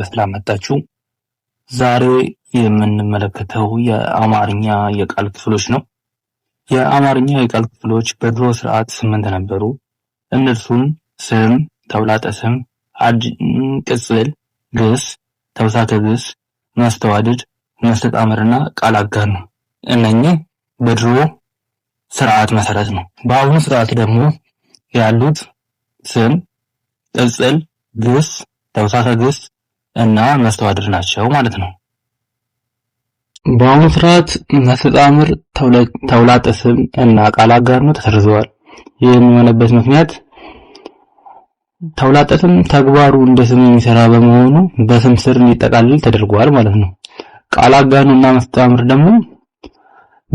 በሰላም መጣችሁ። ዛሬ የምንመለከተው የአማርኛ የቃል ክፍሎች ነው። የአማርኛ የቃል ክፍሎች በድሮ ስርዓት ስምንት ነበሩ። እነርሱም ስም፣ ተውላጠ ስም፣ ቅጽል፣ ግስ፣ ተውሳከ ግስ፣ መስተዋድድ፣ መስተጣምርና ቃል አጋር ነው። እነኚህ በድሮ ስርዓት መሰረት ነው። በአሁኑ ስርዓት ደግሞ ያሉት ስም፣ ቅጽል፣ ግስ፣ ተውሳከ ግስ፣ እና መስተዋድር ናቸው ማለት ነው። በአሁኑ ስርዓት መስተጣምር፣ ተውላጠ ስም እና ቃል አጋር ነው ተሰርዘዋል። ይህ የሚሆነበት ምክንያት ተውላጠ ስም ተግባሩ እንደ ስም የሚሰራ በመሆኑ በስም ስር እንዲጠቃልል ተደርጓል ማለት ነው። ቃል አጋር እና መስተጣምር ደግሞ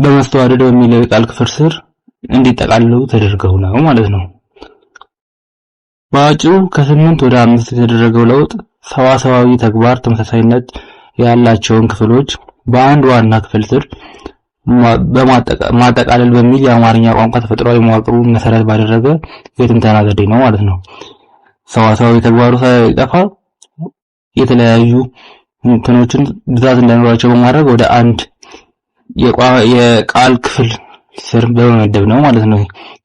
በመስተዋደድ በሚለው የቃል ክፍል ስር እንዲጠቃልሉ ተደርገው ነው ማለት ነው። በአጭሩ ከስምንት ወደ አምስት የተደረገው ለውጥ ሰዋሰዋዊ ተግባር ተመሳሳይነት ያላቸውን ክፍሎች በአንድ ዋና ክፍል ስር ማጠቃለል በሚል የአማርኛ ቋንቋ ተፈጥሯዊ መዋቅሩን መሰረት ባደረገ የትንተና ዘዴ ነው ማለት ነው። ሰዋሰዋዊ ተግባሩ ሳይጠፋ የተለያዩ እንትኖችን ብዛት እንዳይኖራቸው በማድረግ ወደ አንድ የቃል ክፍል ስር በመመደብ ነው ማለት ነው።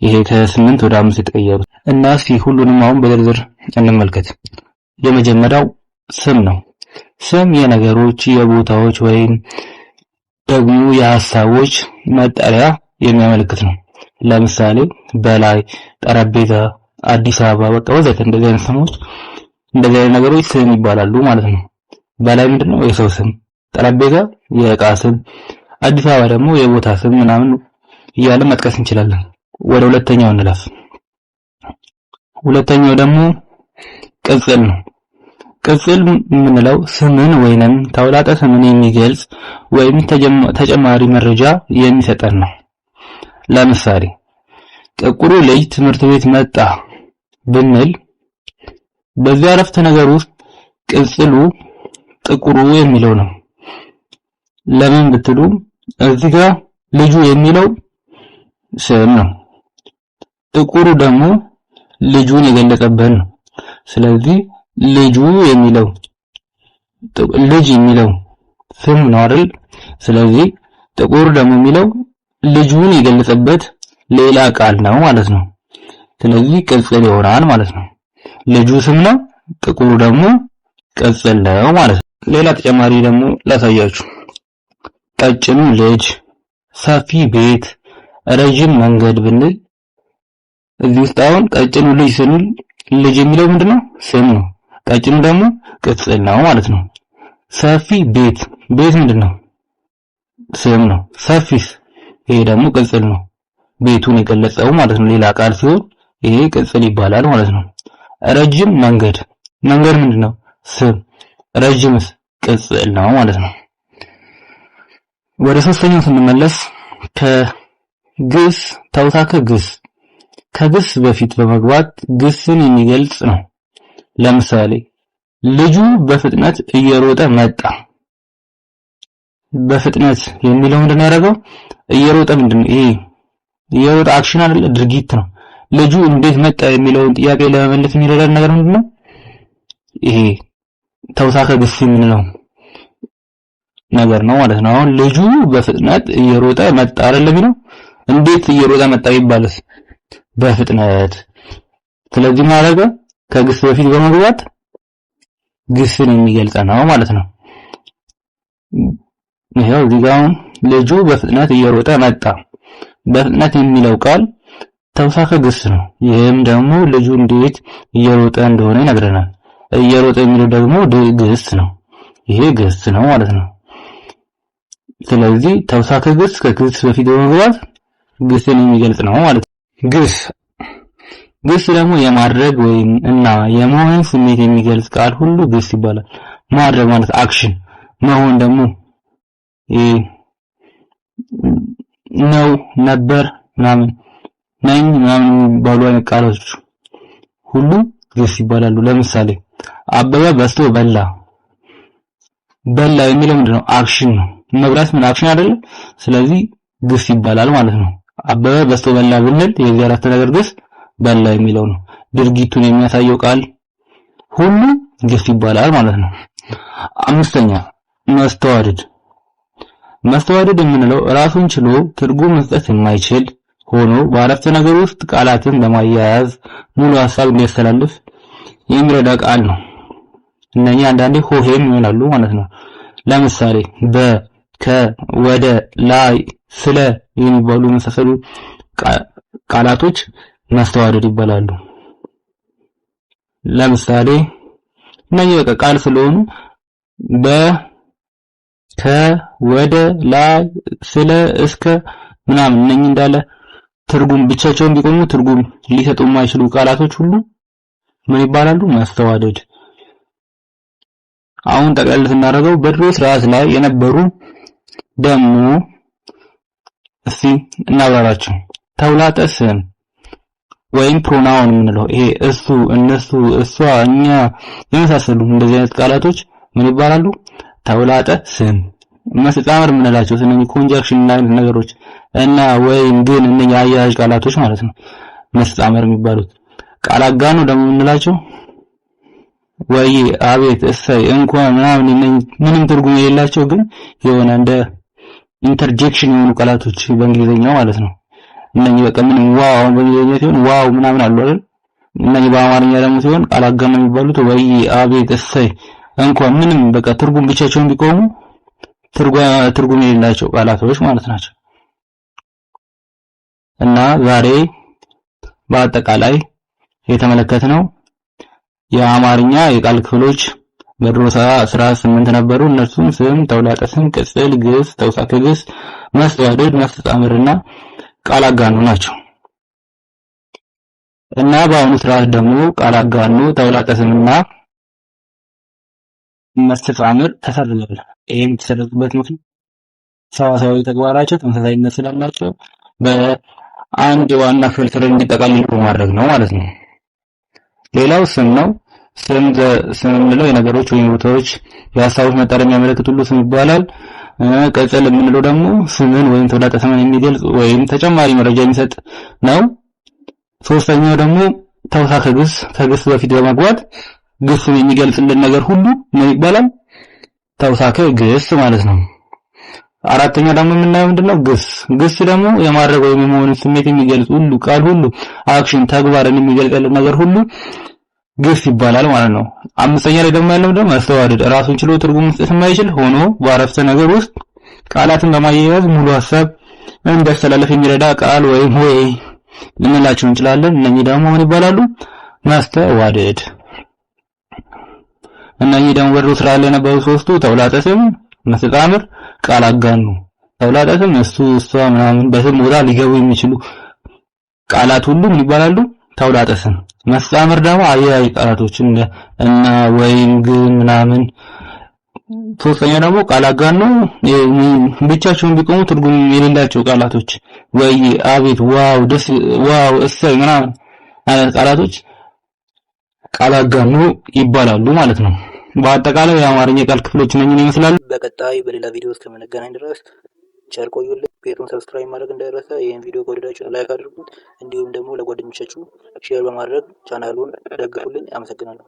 ይሄ ከስምንት ወደ አምስት የተቀየሩት እና እስኪ ሁሉንም አሁን በዝርዝር እንመልከት። የመጀመሪያው ስም ነው። ስም የነገሮች፣ የቦታዎች ወይም ደግሞ የሀሳቦች መጠሪያ የሚያመለክት ነው። ለምሳሌ በላይ፣ ጠረጴዛ፣ አዲስ አበባ በቃ ወዘተ እንደዚህ አይነት ስሞች እንደዚህ አይነት ነገሮች ስም ይባላሉ ማለት ነው። በላይ ምንድነው የሰው ስም፣ ጠረጴዛ የእቃ ስም፣ አዲስ አበባ ደግሞ የቦታ ስም ምናምን እያለን መጥቀስ እንችላለን። ወደ ሁለተኛው እንለፍ። ሁለተኛው ደግሞ ቅጽል ነው። ቅጽል የምንለው ስምን ወይንም ተውላጠ ስምን የሚገልጽ ወይም ተጨማሪ መረጃ የሚሰጠን ነው። ለምሳሌ ጥቁሩ ልጅ ትምህርት ቤት መጣ ብንል በዚህ አረፍተ ነገር ውስጥ ቅጽሉ ጥቁሩ የሚለው ነው። ለምን ብትሉ እዚህ ጋር ልጁ የሚለው ስም ነው። ጥቁሩ ደግሞ ልጁን የገለጸበት ነው። ስለዚህ ልጁ የሚለው ልጅ የሚለው ስም ነው አይደል? ስለዚህ ጥቁር ደግሞ የሚለው ልጁን የገለጸበት ሌላ ቃል ነው ማለት ነው። ስለዚህ ቅጽል ይሆናል ማለት ነው። ልጁ ስም ነው፣ ጥቁር ደግሞ ቅጽል ነው ማለት ነው። ሌላ ተጨማሪ ደግሞ ላሳያችሁ። ቀጭኑ ልጅ፣ ሰፊ ቤት፣ ረዥም መንገድ ብንል እዚህ ውስጥ አሁን ቀጭኑ ልጅ ስንል ልጅ የሚለው ምንድነው? ስም ነው። ቀጭኑ ደግሞ ቅጽል ነው ማለት ነው። ሰፊ ቤት፣ ቤት ምንድነው? ስም ነው። ሰፊስ? ይሄ ደግሞ ቅጽል ነው። ቤቱን የገለጸው ማለት ነው። ሌላ ቃል ሲሆን ይሄ ቅጽል ይባላል ማለት ነው። ረጅም መንገድ፣ መንገድ ምንድነው? ስም። ረጅምስ? ቅጽል ነው ማለት ነው። ወደ ሶስተኛው ስንመለስ ከግስ ተውሳከ ግስ ከግስ በፊት በመግባት ግስን የሚገልጽ ነው። ለምሳሌ ልጁ በፍጥነት እየሮጠ መጣ። በፍጥነት የሚለው ምንድን ነው ያደረገው? እየሮጠ ምንድን ነው ይሄ? እየሮጠ አክሽን አይደለ ድርጊት ነው። ልጁ እንዴት መጣ የሚለውን ጥያቄ ለመመለስ የሚረዳን ነገር ምንድን ነው? ይሄ ተውሳከ ግስ የምንለው ነገር ነው ማለት ነው። አሁን ልጁ በፍጥነት እየሮጠ መጣ አይደለም የሚለው እንዴት እየሮጠ መጣ ይባልስ በፍጥነት ስለዚህ ማለት ከግስ በፊት በመግባት ግስን የሚገልጸ ነው ማለት ነው። ይሄው እዚህ ልጁ በፍጥነት እየሮጠ መጣ። በፍጥነት የሚለው ቃል ተውሳከ ግስ ነው። ይህም ደግሞ ልጁ እንዴት እየሮጠ እንደሆነ ይነግረናል። እየሮጠ የሚለው ደግሞ ግስ ነው። ይሄ ግስ ነው ማለት ነው። ስለዚህ ተውሳከ ግስ ከግስ በፊት በመግባት ግስን የሚገልጽ ነው ማለት ነው። ግስ ግስ ደግሞ የማድረግ ወይም እና የመሆን ስሜት የሚገልጽ ቃል ሁሉ ግስ ይባላል። ማድረግ ማለት አክሽን፣ መሆን ደግሞ ነው፣ ነበር፣ ምናምን ነኝ ምናምን የሚባሉ አይነት ቃሎች ሁሉ ግስ ይባላሉ። ለምሳሌ አበበ በስቶ በላ። በላ የሚለው ምንድነው? አክሽን ነው። መብራት ምን አክሽን አይደለም። ስለዚህ ግስ ይባላል ማለት ነው። አበበ በስቶ በላ ብንል የዚህ አረፍተ ነገር ግስ በላ የሚለው ነው። ድርጊቱን የሚያሳየው ቃል ሁሉ ግስ ይባላል ማለት ነው። አምስተኛ መስተዋድድ። መስተዋድድ የምንለው ራሱን ችሎ ትርጉም መስጠት የማይችል ሆኖ በአረፍተ ነገር ውስጥ ቃላትን በማያያዝ ሙሉ ሀሳብ እንዲያስተላልፍ የሚረዳ ቃል ነው። እነኛ አንዳንዴ ሆሄም ይሆናሉ ማለት ነው። ለምሳሌ በ፣ ከ፣ ወደ፣ ላይ ስለ የሚባሉ የመሳሰሉ ቃላቶች ማስተዋደድ ይባላሉ። ለምሳሌ እነዚህ በቃ ቃል ስለሆኑ በ ከ ወደ ላይ ስለ እስከ ምናምን እነኚህ እንዳለ ትርጉም ብቻቸውን ቢቆሙ ትርጉም ሊሰጡ የማይችሉ ቃላቶች ሁሉ ምን ይባላሉ? ማስተዋደድ። አሁን ጠቅላላ ስናደርገው በድሮ ስርዓት ላይ የነበሩ ደግሞ እስቲ እናብራራቸው። ስም ወይም ፕሮናውን የምንለው ይሄ እሱ፣ እነሱ፣ እሷ፣ እኛ የመሳሰሉ እንደዚህ አይነት ቃላቶች ምን ይባላሉ? ተውላጠ ስም መስተጻምር የምንላቸው ስነኝ ኮንጀክሽን እና ነገሮች እና ወይም ግን እነኚህ አያያዥ ቃላቶች ማለት ነው መስተጻምር የሚባሉት። ቃል አጋኖ ደግሞ የምንላቸው ወይ፣ አቤት፣ እሰይ፣ እንኳን ምናምን ምንም ትርጉም የሌላቸው ግን የሆነ እንደ ኢንተርጀክሽን የሆኑ ቃላቶች በእንግሊዘኛው ማለት ነው። እነኚህ በቃ ምን ዋው አሁን በእንግሊዘኛ ሲሆን ዋው ምናምን አሉ አይደል? እነኚህ በአማርኛ ደግሞ ሲሆን ቃል አጋማ የሚባሉት ወይ አቤት እሰይ እንኳን ምንም በቃ ትርጉም ብቻቸውን ቢቆሙ ትርጉም የሌላቸው ቃላቶች ማለት ናቸው። እና ዛሬ በአጠቃላይ የተመለከትነው የአማርኛ የቃል ክፍሎች በድሮ አስራ ስምንት ነበሩ። እነሱም ስም፣ ተውላጠ ስም፣ ቅጽል ግስ፣ ተውሳከ ግስ፣ መስተዋድድ፣ መስተጻምርና ቃል አጋኑ ናቸው እና በአሁኑ ስርዓት ደግሞ ቃል አጋኑ፣ ተውላጠ ስምና መስተጻምር ተሰርዟል። ይሄ የሚተሰረዙበት ምክንያት ሰዋሰዊ ተግባራቸው ተመሳሳይነት ስላላቸው በአንድ ዋና ፍልትር እንዲጠቃልሉ ማድረግ ነው ማለት ነው። ሌላው ስም ነው። ስም የምንለው የነገሮች ወይም ቦታዎች የሀሳቦች መጠሪያ የሚያመለክት ሁሉ ስም ይባላል። ቅጽል የምንለው ደግሞ ስምን ወይም ተውላጠ ስምን የሚገልጽ ወይም ተጨማሪ መረጃ የሚሰጥ ነው። ሶስተኛው ደግሞ ተውሳከ ግስ ከግስ በፊት በመግባት ግሱን የሚገልጽልን ነገር ሁሉ ምን ይባላል? ተውሳከ ግስ ማለት ነው። አራተኛ ደግሞ የምናየው ምንድነው? ግስ ግስ ደግሞ የማድረግ ወይም የመሆንን ስሜት የሚገልጽ ሁሉ ቃል ሁሉ አክሽን ተግባርን የሚገልጽልን ነገር ሁሉ ግስ ይባላል ማለት ነው። አምስተኛ ላይ ደግሞ ያለው ደግሞ መስተዋደድ ራሱን ችሎ ትርጉም መስጠት የማይችል ሆኖ በአረፍተ ነገር ውስጥ ቃላትን በማያያዝ ሙሉ ሀሳብ እንዲያስተላለፍ የሚረዳ ቃል ወይም ወይ ልንላቸው እንችላለን። እነኚህ ደግሞ ምን ይባላሉ? መስተዋደድ። እነኚህ ደግሞ በድሮ ስራ ላይ የነበሩ ሶስቱ ተውላጠ ስም፣ መስተጣምር፣ ቃል አጋኑ። ተውላጠ ስም እሱ፣ እሷ ምናምን በስም ቦታ ሊገቡ የሚችሉ ቃላት ሁሉ ምን ይባላሉ? ተውላጠ ስም መስተምር ደግሞ አያያዥ ቃላቶችን እና ወይም ግን ምናምን። ሶስተኛ ደግሞ ቃላጋን ነው። ብቻቸውን ቢቆሙ ትርጉም የሌላቸው ቃላቶች ወይ፣ አቤት፣ ዋው፣ ደስ፣ ዋው፣ እሰይ ምናምን አይነት ቃላቶች ቃል አጋኖ ይባላሉ ማለት ነው። በአጠቃላይ የአማርኛ ቃል ክፍሎች ነኝን ይመስላሉ። በቀጣይ በሌላ ቪዲዮ እስከምንገናኝ ድረስ ቸር ቆዩልኝ። ቤቱን ሰብስክራይብ ማድረግ እንዳይረሰ። ይህን ቪዲዮ ከወደዳችሁ ላይክ አድርጉት። እንዲሁም ደግሞ ለጓደኞቻችሁ ሼር በማድረግ ቻናሉን ደግፉልን። አመሰግናለሁ።